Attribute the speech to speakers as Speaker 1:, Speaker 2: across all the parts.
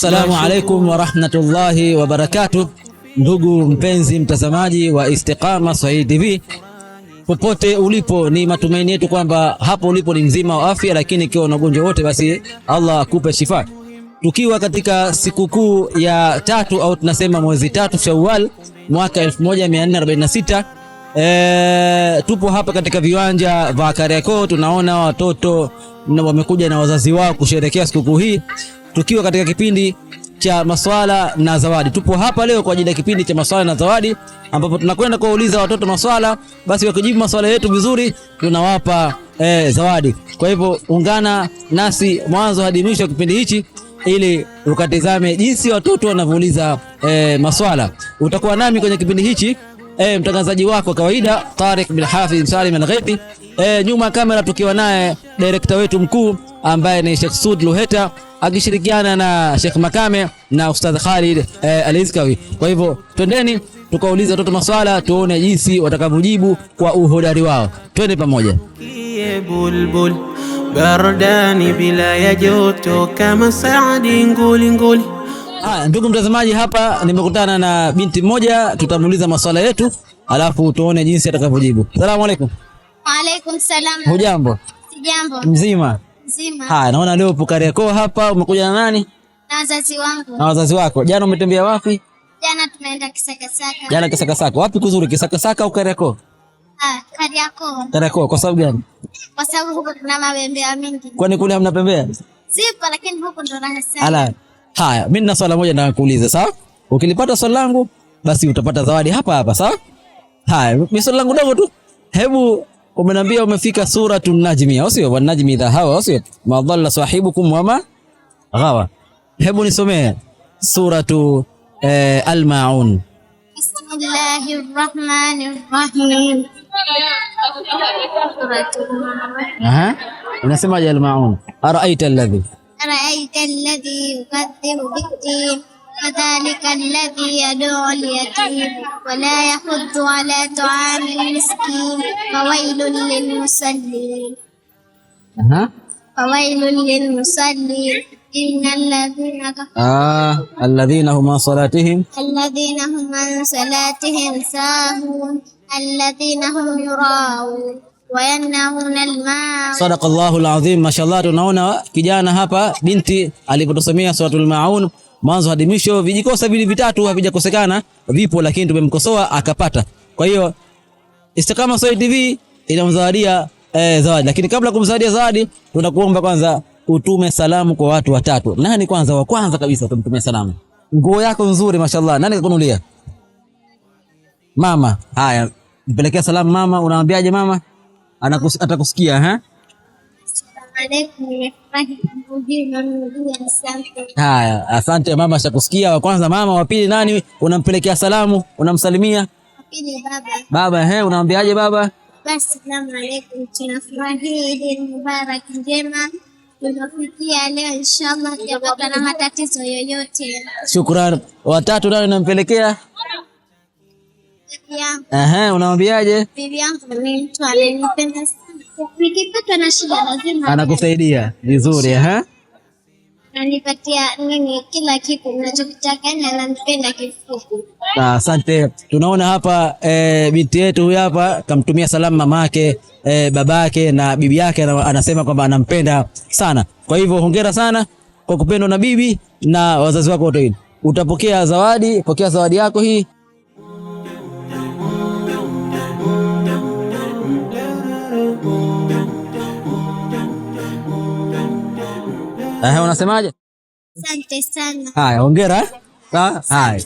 Speaker 1: Assalamu alaikum warahmatullahi wabarakatuh, ndugu mpenzi mtazamaji wa Istiqama Swahili TV popote ulipo, ni matumaini yetu kwamba hapo ulipo ni mzima wa afya, lakini ikiwa na ugonjwa wote, basi Allah akupe shifa. Tukiwa katika sikukuu ya tatu au tunasema mwezi tatu Shawwal mwaka 1446 E, tupo hapa katika viwanja vya Kariakoo, tunaona watoto wamekuja na wazazi wao kusherehekea sikukuu hii tukiwa katika kipindi cha maswala na zawadi. Tupo hapa leo kwa ajili ya kipindi cha maswala na zawadi, ambapo tunakwenda kuwauliza watoto maswala, basi wakijibu maswala yetu vizuri tunawapa eh, zawadi. Kwa hivyo ungana nasi mwanzo hadi mwisho kipindi hichi ili ukatizame jinsi watoto wanavyouliza eh, maswala. Utakuwa nami kwenye kipindi hichi eh, mtangazaji wako kawaida Tariq bin Hafidh Salim Al-Ghaithi. Eh, nyuma kamera tukiwa naye director wetu mkuu ambaye ni Sheikh Sud Luheta akishirikiana na Sheikh Makame na Ustadh Khalid eh, Alizkawi. Kwa hivyo twendeni tukauliza watoto maswala tuone jinsi watakavyojibu kwa uhodari wao. Twende pamoja. Bulbul bardani bila ya joto kama saadi nguli nguli. Ah, ndugu mtazamaji, hapa nimekutana na binti mmoja, tutamuuliza maswala yetu alafu tuone jinsi atakavyojibu. Asalamu alaykum. Wa alaykum salam. Hujambo? Sijambo. Mzima? Nzima.
Speaker 2: Haya, naona leo upo Kariakoo hapa, umekuja na nani?
Speaker 1: Na wazazi wangu.
Speaker 2: Na wazazi wako. Jana umetembea wapi?
Speaker 1: Jana tumeenda Kisakasaka.
Speaker 2: Jana Kisakasaka. Wapi kuzuri, Kisakasaka au Kariakoo?
Speaker 1: Ah, Kariakoo.
Speaker 2: Kariakoo, kwa sababu gani?
Speaker 1: Kwa sababu huko kuna mabembea mengi.
Speaker 2: Kwani kule hamna pembea?
Speaker 1: Zipo lakini huko ndo raha sana.
Speaker 2: Ala. Haya, mimi nina swali moja nataka kuuliza, sawa? Ukilipata swali langu basi utapata zawadi hapa hapa, sawa? Haya, mimi swali langu dogo tu. Hebu umenaambia umefika suratu najmi, au sio? Wanajmi dha hawa, au sio? Ma dhalla sahibukum wama ghawa. Hebu nisomee suratu eh, Al-Maun.
Speaker 1: Bismillahir Rahmanir Rahim.
Speaker 2: Aha, unasemaje al Araaita alladhi.
Speaker 1: Araaita alladhi yukaththibu bid-din فذلك الذي يدعو اليتيم ولا يحض على طعام المسكين فويل للمصلين أه. فويل للمصلين إن الذين كفروا
Speaker 2: آه الذين هم عن صلاتهم
Speaker 1: الذين هم عن صلاتهم ساهون الذين هم يراءون
Speaker 2: Sadaqallahu alazim. Mashallah, tunaona kijana hapa binti alipotusomea suratul Maun mwanzo hadi mwisho, vijikosa vili vitatu havijakosekana, vipo lakini tumemkosoa akapata. Kwa hiyo Istiqama Swahili TV inamzawadia eh, zawadi, lakini kabla kumzawadia zawadi, tunakuomba kwanza utume salamu kwa watu watatu. Nani kwanza, wa kwanza kabisa utamtumia salamu? Nguo yako nzuri, mashallah, nani kakunulia? Mama. Haya, mpelekea salamu mama. Unamwambiaje mama? atakusikia ha eh? Haya, asante mama, shakusikia. Wa kwanza mama, wa pili nani? Unampelekea salamu, unamsalimia baba, baba he, unamwambiaje baba?
Speaker 1: Basi, salamu aleikum, tunafurahi Idi Mubaraki njema tunafikia leo inshallah, tutapata na matatizo yoyote.
Speaker 2: Shukrani. Watatu nani unampelekea? Ehe, unamwambiaje? Anakusaidia vizuri Ah, Asante. Tunaona hapa eh, binti yetu huyu hapa kamtumia salamu mamake eh, babake na bibi yake, anasema kwamba anampenda sana. Kwa hivyo hongera sana kwa kupendwa na bibi na wazazi wako wote. Utapokea zawadi, pokea zawadi yako hii. Eh, unasemaje?
Speaker 1: Asante sana.
Speaker 2: Haya, hongera. Sawa? Ah, Haya.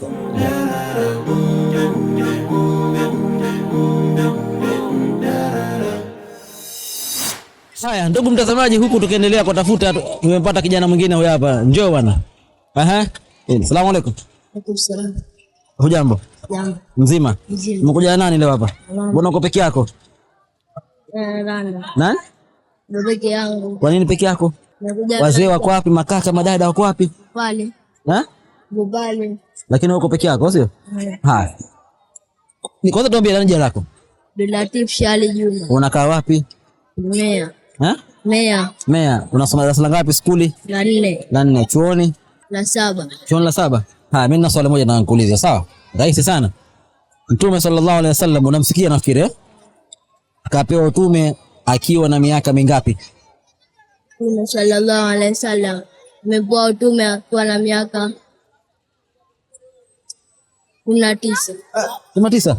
Speaker 2: Haya, ndugu mtazamaji, huku tukiendelea kutafuta tumepata kijana mwingine huyu hapa. Njoo bwana. Ehe. Asalamu alaykum. salaam. Hujambo? Jambo. Mzima? Umekuja na nani leo hapa? Mbona uko peke yako? Eh, Nani?
Speaker 1: Ndio peke yangu.
Speaker 2: Kwa nini peke yako? Wazee wako wapi? Makaka madada wako wapi? Pale. Ha?
Speaker 1: Bobale.
Speaker 2: Lakini uko peke yako sio? Haya. Ni kwanza tuambie nani jina lako?
Speaker 1: Latif Shali Juma.
Speaker 2: Unakaa wapi? Mea. Ha? Mea. Mea. Unasoma darasa la ngapi skuli? La nne. La nne. Chuoni? La saba. Chuoni la saba. Haya, mimi na swali moja na nikuuliza, sawa? Rahisi sana. Mtume sallallahu alaihi wasallam unamsikia nafikiri, eh? Akapewa utume akiwa na miaka mingapi?
Speaker 1: Mtume sallallahu alaihi wasallam amepewa utume akiwa na miaka kumi na tisa.
Speaker 2: Ah, tisa?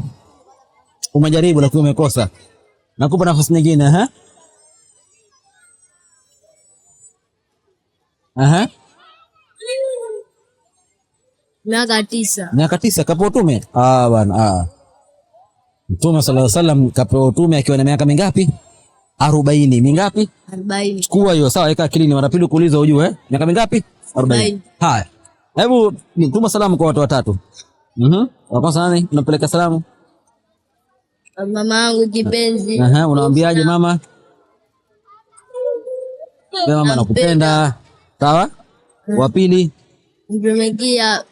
Speaker 2: Umejaribu lakini umekosa. Nakupa nafasi nyingine ha? Eh? Aha.
Speaker 1: Miaka tisa.
Speaker 2: Miaka tisa kapewa utume? Ah, bwana ah. Mtume sallallahu alaihi wasallam kapewa utume akiwa na miaka mingapi? arobaini. Mingapi? Arobaini. Chukua hiyo sawa, weka akilini, mara pili kuuliza ujue eh? miaka mingapi? Arobaini. Haya, hebu nituma salamu kwa watu watatu. Mhm, wa kwanza nani unapeleka salamu?
Speaker 1: Mama yangu kipenzi.
Speaker 2: Aha, mama? mama Sawa? Wa pili?
Speaker 1: Mtumikia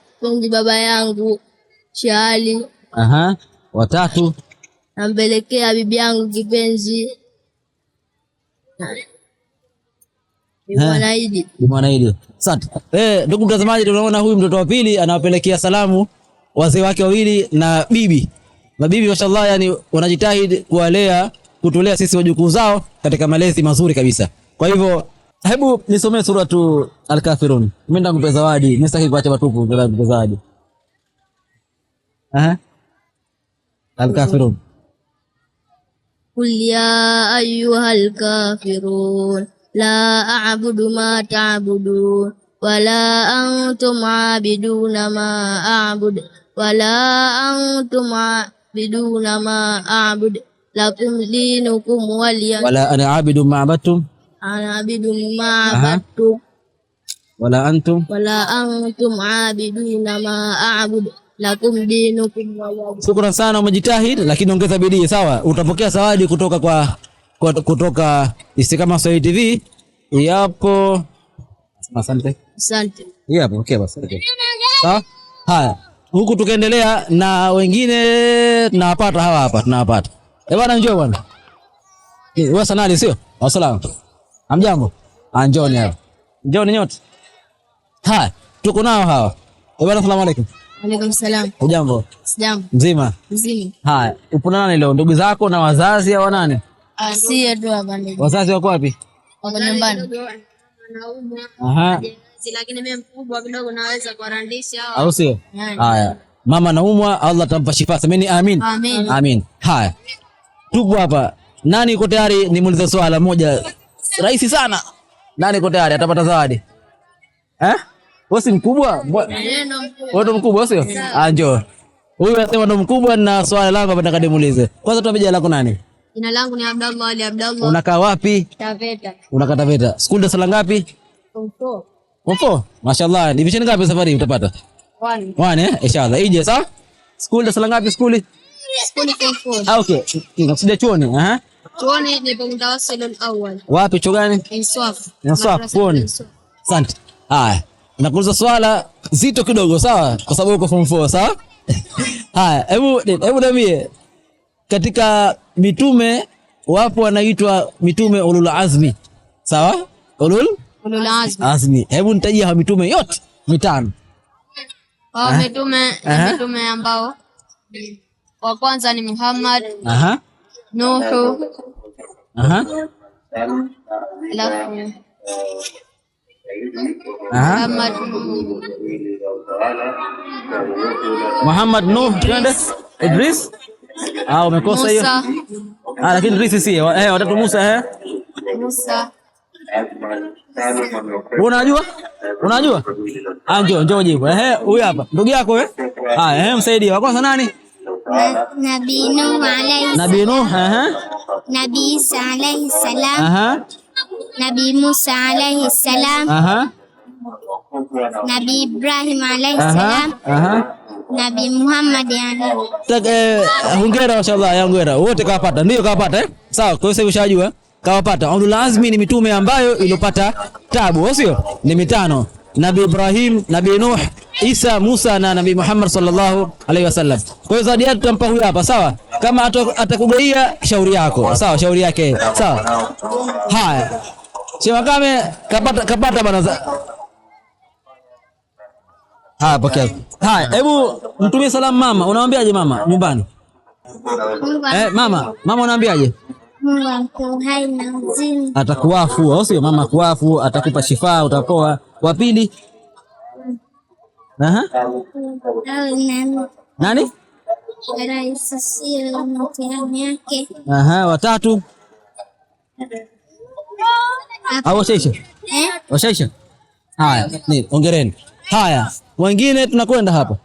Speaker 1: baba yangu Shaali.
Speaker 2: Aha. Watatu?
Speaker 1: Nampelekea bibi yangu kipenzi.
Speaker 2: Eh, ndugu mtazamaji, tunaona huyu mtoto wa pili anawapelekea salamu wazee wake wawili na bibi. Mabibi mashallah, yani wanajitahidi kuwalea kutulea sisi wajukuu zao katika malezi mazuri kabisa. Kwa hivyo hebu nisomee suratu Al-Kafirun. Mimi ndakupe zawadi, nisitaki kuacha watupu, ndakupe zawadi. Aha. Al-Kafirun.
Speaker 1: قل يا أيها الكافرون لا أعبد ما تعبدون ولا أنتم عابدون ما أعبد ولا أنتم عابدون ما أعبد لكم دينكم ولي
Speaker 2: ولا أنا عابد ما عبدتم
Speaker 1: أنا عابد ما عبدتم
Speaker 2: ولا أنتم
Speaker 1: ولا أنتم عابدون ما أعبد na kumdinu kumwaya.
Speaker 2: Shukrani sana, umejitahidi lakini ongeza bidii, sawa. Utapokea zawadi kutoka kwa kutoka Istiqama Swahili TV yapo. Asante, asante. Yapo, okay basi, okay. Sawa, haya, huku tukaendelea na wengine tunawapata hawa hapa, tunawapata eh bwana, njoo bwana eh, wewe sana ali sio Asalamu. amjambo, anjoni ah, hapa, njoni nyote. Haya, tuko nao hawa eh bwana, asalamu alaykum. Hujambo? Sijambo. Mzima? Mzima. Haya, upo na nani leo? Ndugu zako na wazazi au nani? Ah, wazazi wako wapi?
Speaker 1: Wako nyumbani.
Speaker 2: Aha. Au sio? Haya, mama naumwa Allah atampa shifa. Semeni amin. Amin. Amin. Haya, tupo hapa. Nani uko tayari? Nimuulize swala moja rahisi sana. Nani uko tayari atapata zawadi? Eh? Wewe si mkubwa?
Speaker 1: Wewe
Speaker 2: ndo mkubwa sio? Ah, njoo. Huyu anasema ndo mkubwa na swali langu nataka nimuulize. Kwanza tuambie jina lako nani?
Speaker 1: Jina langu ni Abdallah Ali Abdallah.
Speaker 2: Unakaa wapi? Taveta. Unakaa Taveta. Skuli darasa la ngapi? Form 4. Form 4? Mashaallah. Division ngapi safari utapata? 1. 1 eh? Inshallah. Ije sawa? Skuli darasa la ngapi skuli?
Speaker 1: Skuli form
Speaker 2: 4. Ah, okay. Unakusudia chuoni? Aha.
Speaker 1: Chuoni nipo mtawasili awal.
Speaker 2: Wapi chuo gani? Inswaf. Inswaf. Asante. Haya. Nakuuliza swala zito kidogo, sawa? Kwa sababu uko form 4, sawa? Haya, hebu hebu niambie, katika mitume wapo wanaitwa mitume ulul azmi, sawa? Ulul
Speaker 1: ulul azmi
Speaker 2: azmi, hebu nitajie hao mitume yote mitano.
Speaker 1: Hao mitume mitume ambao wa kwanza ni Muhammad, aha, Nuhu, aha, alafu
Speaker 2: Aha. Muhammad Nuh, twende. Idris? Ah, umekosa hiyo. Ah, lakini Idris si eh, watatu Musa eh. Musa. Unajua? Unajua? Ah, njoo njoo jipo. Eh, huyu hapa. Ndugu yako eh? Ah, eh, msaidie. Wa kwanza nani?
Speaker 1: Nabii Nuh alayhi.
Speaker 2: Nabii Nuh, eh.
Speaker 1: Nabii Isa alayhi salam. Aha. Nabii Musa alayhi salam, Nabii Ibrahim alaihi salam, Nabii Muhammad.
Speaker 2: Tak, eh, Hongera, mashallah ya hongera, wote kawapata. Ndio kawapata eh? Sawa, kwa sababu ushajua kawapata. Ulul azmi ni mitume ambayo ilopata tabu, au sio? Ni mitano Nabi Ibrahim, Nabi Nuh, Isa, Musa na Nabi Muhammad sallallahu alaihi wasallam. Kwa hiyo zawadi tutampa huyu hapa, sawa? Kama atakugeia shauri yako, sawa, shauri yake, sawa. Haya. Chewakame kapata, kapata za. haya, pokea haya. Hebu mtumie salamu mama. Unawaambiaje mama nyumbani? Eh, mama mama, unaambiaje? Atakuafu au sio? Mama kuafu, atakupa shifa, utapoa. Wa pili Aha. Nani? Aha, watatu Ah, Washaisha? Eh? Washaisha? Haya, ongereni. Haya, wengine tunakwenda hapa.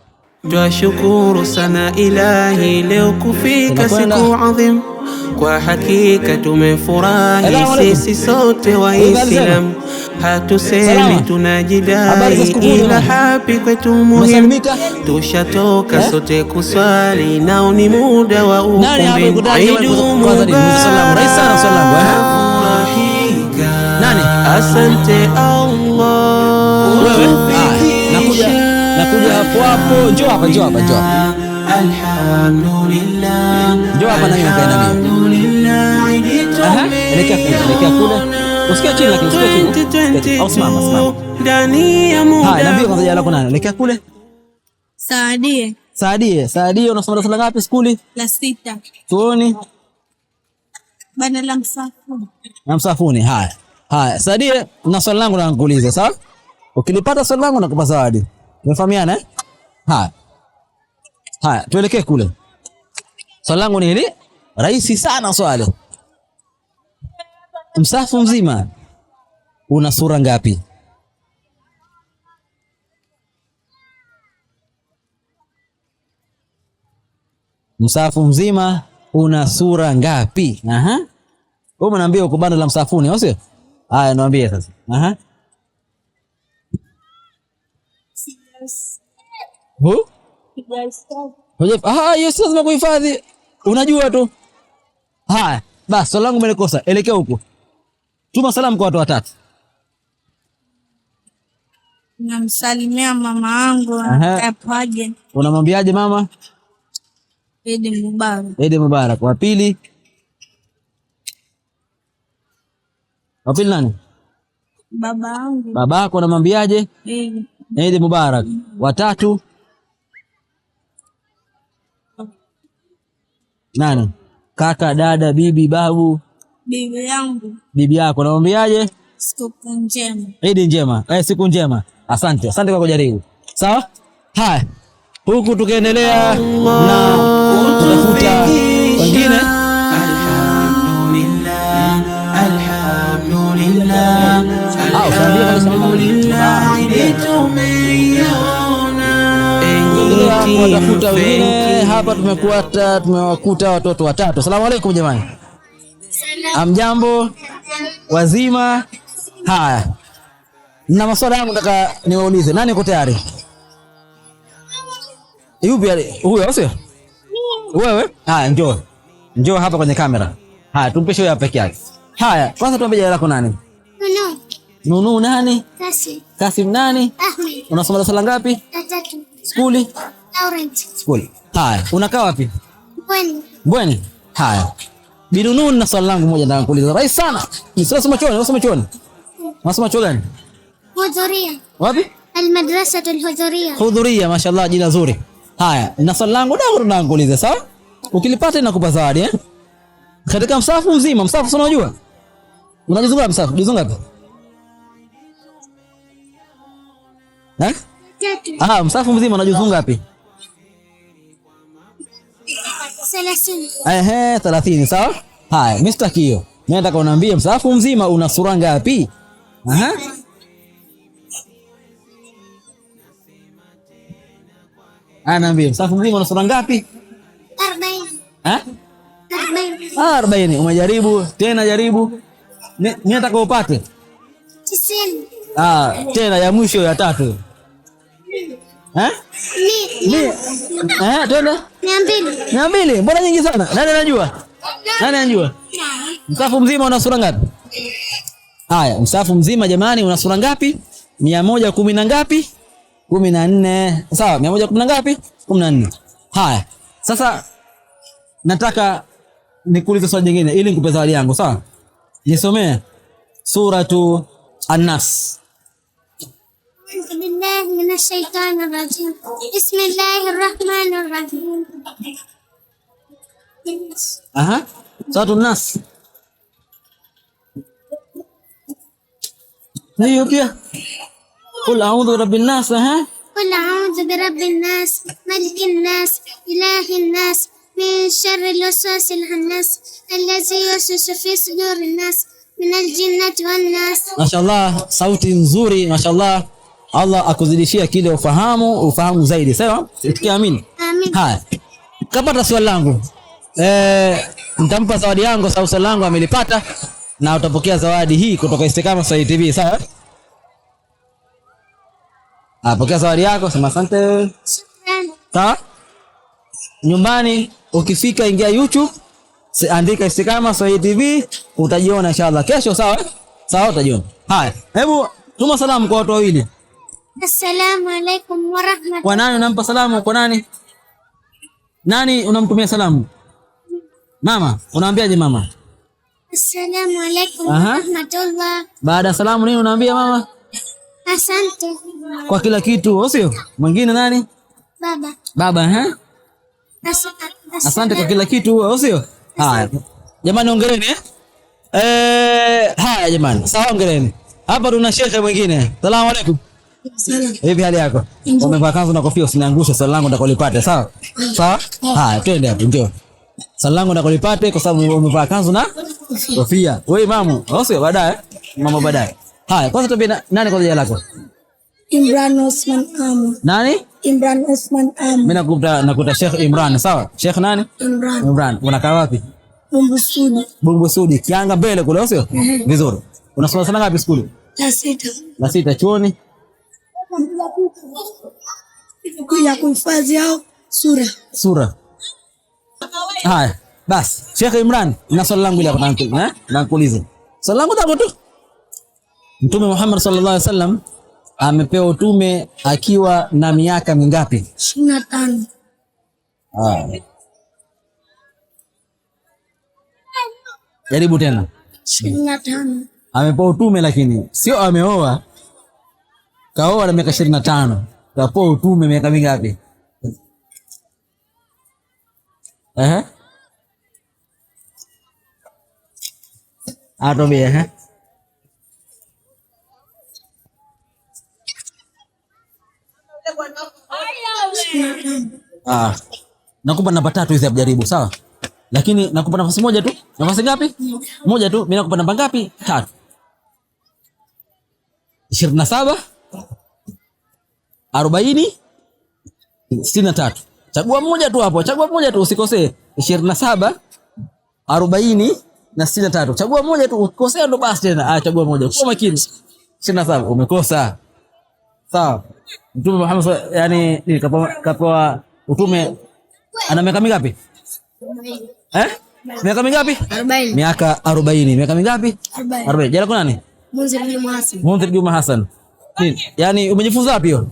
Speaker 1: Twashukuru sana Ilahi, leo kufika siku adhim, kwa hakika tumefurahi sisi sote Waislamu. Hatusemi tunajidai, ila hapi kwetu muhimu, tushatoka eh? sote kuswali, nao ni muda wa ukumbi. Idu
Speaker 2: mubarak.
Speaker 1: Asante Allah,
Speaker 2: nakuja hapo hapo. Njoo hapa, njoo hapa, njoo hapa, njoo hapa, elekea kule, Usikia chini, lakini usikia chini au simama, simama. lako kuna elekea kule,
Speaker 1: saadie,
Speaker 2: saadie, saadie. Unasoma darasa ngapi skuli? La sita. Tuoni
Speaker 1: bana la msafuni,
Speaker 2: la msafuni. Haya. Haya, Sadie, na swali langu nakuuliza, sawa? Ukilipata swali langu nakupa zawadi. Tumefahamiana eh? Haya. Haya, tuelekee kule. Swali langu ni hili, rahisi sana swali. Msafu mzima una sura ngapi? Msafu mzima una sura ngapi? Aha. Wewe unaniambia uko banda la msafuni, au sio? Haya, niambie sasa. Aha. hiyo si lazima kuhifadhi. Unajua tu. Haya, basi swali langu umelikosa. Elekea huko. Tuma salamu kwa watu watatu.
Speaker 1: Namsalimia mama yangu apaje.
Speaker 2: Unamwambiaje mama?
Speaker 1: Eid Mubarak.
Speaker 2: Eid Mubarak. Wa pili? wapili nani?
Speaker 1: Baba yangu.
Speaker 2: Baba yako anamwambiaje? Eh. Eid Mubarak. Watatu nani? Kaka, dada, bibi, babu.
Speaker 1: Bibi yangu.
Speaker 2: Bibi yako anamwambiaje?
Speaker 1: Siku njema.
Speaker 2: Eid njema. Eh, siku njema. Asante, asante kwa kujaribu. Sawa. Haya, huku tukiendelea na kutafuta tumewatafuta wengine hapa, tumekuata tumewakuta watoto watatu. Asalamu alaykum jamani, amjambo wazima. Haya, na maswala yangu nataka niwaulize. Nani uko tayari? Yupi huyo? Sio wewe? Haya, njoo njoo hapa kwenye kamera. Haya, tumpishe huyo peke yake. Haya, kwanza tuambie jina lako nani? Nunu. Nunu nani? Kasim. Kasim nani? Ahmed. Unasoma darasa la ngapi? La tatu. Skuli? Haya, unakaa wapi? Bweni. Bweni. Haya. Binunuu, na swali langu moja nataka kuuliza. Rais sana. Nisoma chuoni, unasoma chuoni? Unasoma chuo gani?
Speaker 1: Hudhuria. Wapi? Almadrasa alhudhuria.
Speaker 2: Hudhuria, mashallah, jina zuri. Haya, na swali langu dogo nataka kuuliza, sawa? Ukilipata nakupa zawadi eh? Katika msafu mzima, msafu sio unajua? Unajizunga msafu, jizunga ngapi? Eh? Tatu. Ah, msafu mzima unajizunga ngapi? Ehe, 30 sawa. Haya, mimi sitaki hiyo. Mimi nataka uniambie msaafu mzima una sura ngapi? Aha. Anaambia msaafu mzima una sura ngapi? 40. Eh? 40. 40. Umejaribu tena jaribu. Mimi nataka upate
Speaker 1: 90.
Speaker 2: Ah, tena ya mwisho ya tatu
Speaker 1: mia
Speaker 2: eh? eh, mbili. Mbona nyingi sana? Nani anajua? Nani anajua? Msafu mzima una sura ngapi? Haya, msafu mzima jamani, una sura ngapi? mia moja kumi na ngapi? kumi na nne. Sawa, mia moja kumi na ngapi? kumi na nne. Haya, sasa nataka nikuulize swali jingine ili nikupe zawadi yangu. Sawa, nisomee Suratu An-Nas.
Speaker 1: أعوذ بالله من الشيطان الرجيم بسم الله الرحمن الرحيم
Speaker 2: أها صوت الناس أيوة يا قل أعوذ برب الناس أها
Speaker 1: قل أعوذ برب الناس ملك الناس إله الناس من شر الوسواس الخناس الذي يوسوس في صدور الناس من الجنة والناس
Speaker 2: ما شاء الله صوت نزوري ما شاء الله Allah akuzidishia kile ufahamu ufahamu zaidi, sawa? Sikia amini. haya. Kapata swali langu eh, nitampa zawadi yangu, sawa? Swali langu amelipata na utapokea zawadi hii kutoka Istiqama Swahili TV, sawa? Ah, pokea zawadi yako, sema asante. Sawa? Nyumbani ukifika, ingia YouTube, andika Istiqama Swahili TV, utajiona inshallah kesho, sawa? Sawa, utajiona. Haya, hebu tuma salamu kwa watu wawili.
Speaker 1: Assalamu alaykum wa rahmatullahi.
Speaker 2: Kwa nani unampa salamu? Kwa nani? Nani unamtumia salamu? Mama, unaambiaje mama?
Speaker 1: Assalamu alaykum wa rahmatullahi.
Speaker 2: Baada ya salamu nini unaambia mama?
Speaker 1: Asante.
Speaker 2: Kwa kila kitu, sio? Mwingine nani? Baba. Baba, eh? Asante. Asante kwa kila kitu, sio? Haya. Jamani ongereni eh? Eh, haya jamani. Sawa ongereni. Hapa tuna shekhe mwingine. Asalamu alaykum. Hivi hali yako? Umevaa kanzu na kofia usiniangushe, swali langu ndakolipate, sawa? Sawa? Haya, twende hapo ndio. Swali langu ndakolipate kwa sababu umevaa kanzu na kofia. Wewe mamu, au sio baadaye? Mama baadaye. Haya, kwanza tuambie nani kwa jina lako?
Speaker 1: Imran Osman Amu. Nani? Imran Osman Amu. Mimi
Speaker 2: nakuta nakuta Sheikh Imran, sawa? Sheikh nani? Imran. Imran. Unakaa wapi?
Speaker 1: Bumbu Sudi.
Speaker 2: Bumbu Sudi. Kianga mbele kule, au sio? Vizuri. Unasoma sana ngapi shule? La sita. La sita chuoni?
Speaker 1: ya kuhifadhi au sura
Speaker 2: sura. Haya basi, Sheikh Imran, na swali langu ile hapa nakuuliza eh, swali langu hapo tu. Mtume Muhammad sallallahu alaihi wasallam amepewa utume akiwa na miaka mingapi?
Speaker 1: 25.
Speaker 2: Ah. Jaribu tena.
Speaker 1: 25.
Speaker 2: Amepewa utume lakini sio ameoa kaoa na miaka ishirini na tano kapoa utume miaka mingapi? Ehe, ah, nakupa namba tatu hizi abjaribu, sawa lakini nakupa nafasi moja tu. Nafasi ngapi? Moja tu. Mimi nakupa namba ngapi? Tatu. ishirini na saba arobaini sitini na tatu. Chagua mmoja tu hapo, chagua mmoja tu usikosee. ishirini na saba arobaini na sitini na tatu. Chagua mmoja tu, ukikosea ndo basi tena. Ah, chagua mmoja, kuwa makini. ishirini na saba umekosa. Sawa. Mtume Muhammad yani kapewa utume ana miaka mingapi? Eh? Miaka mingapi?
Speaker 1: 40.
Speaker 2: Miaka 40. Miaka mingapi? 40. Jina lako nani?
Speaker 1: Munzir Juma Hassan.
Speaker 2: Munzir Juma Hassan. yani umejifunza wapi hiyo?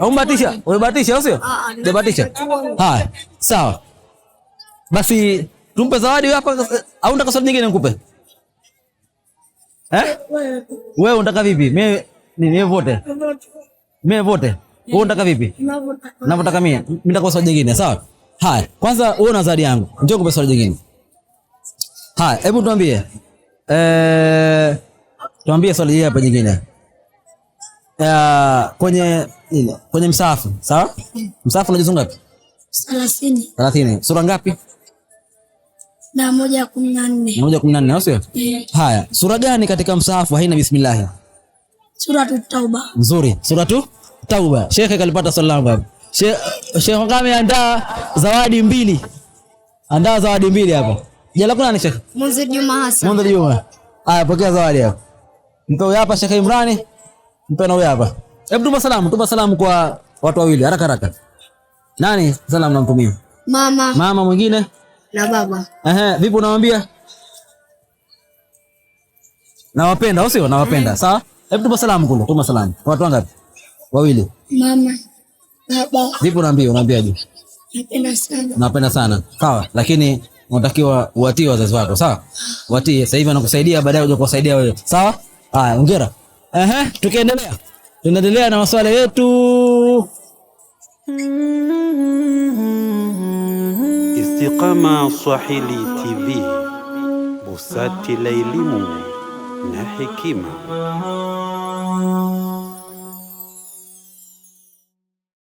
Speaker 2: Umebatisha? Umebatisha au sio? Umebatisha. Haya, sawa. Basi tumpe zawadi hapa au unataka swali nyingine nikupe? Eh? Wewe unataka vipi? Mimi mimi vote. Eh? Mimi vote. Wewe unataka vipi? Navotaka mimi. Mimi nataka swali nyingine, sawa? Haya, kwanza wewe una zawadi yangu. Njoo nikupe swali nyingine. Haya, hebu tuambie. Eh, tuambie swali hapa nyingine uh, kwenye ile kwenye msafu sawa? Msafu una ngapi? 30. 30. Sura ngapi?
Speaker 1: Na moja kumi na nne.
Speaker 2: Moja kumi na nne, sio? Eh. Haya, sura gani katika msahafu haina bismillahi?
Speaker 1: Sura tu Tauba.
Speaker 2: Nzuri. Sura tu Tauba. Shekhe kalipata swali langu hapa. Shekhe ngame andaa zawadi mbili. Andaa zawadi mbili hapa. Jala kuna ni Shekhe?
Speaker 1: Munzir Juma Hassan.
Speaker 2: Munzir Juma. Haya, pokea zawadi hapa. Mpe hapa Shekhe Imrani mpeno wewe hapa. Hebu tuma salamu, tuma salamu kwa watu wawili haraka haraka. Nani salamu namtumia? Mama. Mama mwingine? Na baba. Ehe, vipi unawaambia? Nawapenda, au sio? Nawapenda. Mm. Sawa? Hebu tuma salamu kule, tuma salamu. Kwa watu wangapi? Wawili.
Speaker 1: Mama. Baba.
Speaker 2: Vipi unaambia? Unaambiaje?
Speaker 1: Napenda sana.
Speaker 2: Napenda sana. Sawa, lakini unatakiwa uwatie wazazi wako, sawa? Ah. Watie. Sasa hivi anakusaidia, baadaye unakuja kuwasaidia wewe. Sawa? Haya, ongera. Aha, tukiendelea tunaendelea na maswala yetu Istiqama Swahili TV, busati la elimu na hekima.